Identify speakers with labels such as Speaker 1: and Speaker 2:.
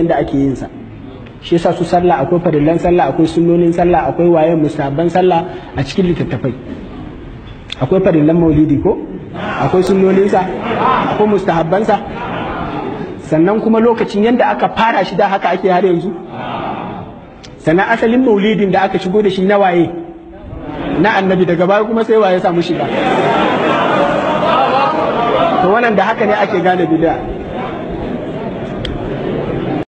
Speaker 1: yadda ake yin sa shi yasa su sallah akwai farillan sallah akwai sunnonin sallah akwai waye musabban sallah a cikin littattafai akwai farillan maulidi ko akwai sunnonin sa akwai mustahabban sa sannan kuma lokacin yadda aka fara shi da haka ake har yanzu sannan asalin maulidin da aka shigo da shi na waye na annabi daga baya kuma sai waye samu shiga to wannan da haka ne ake gane bid'a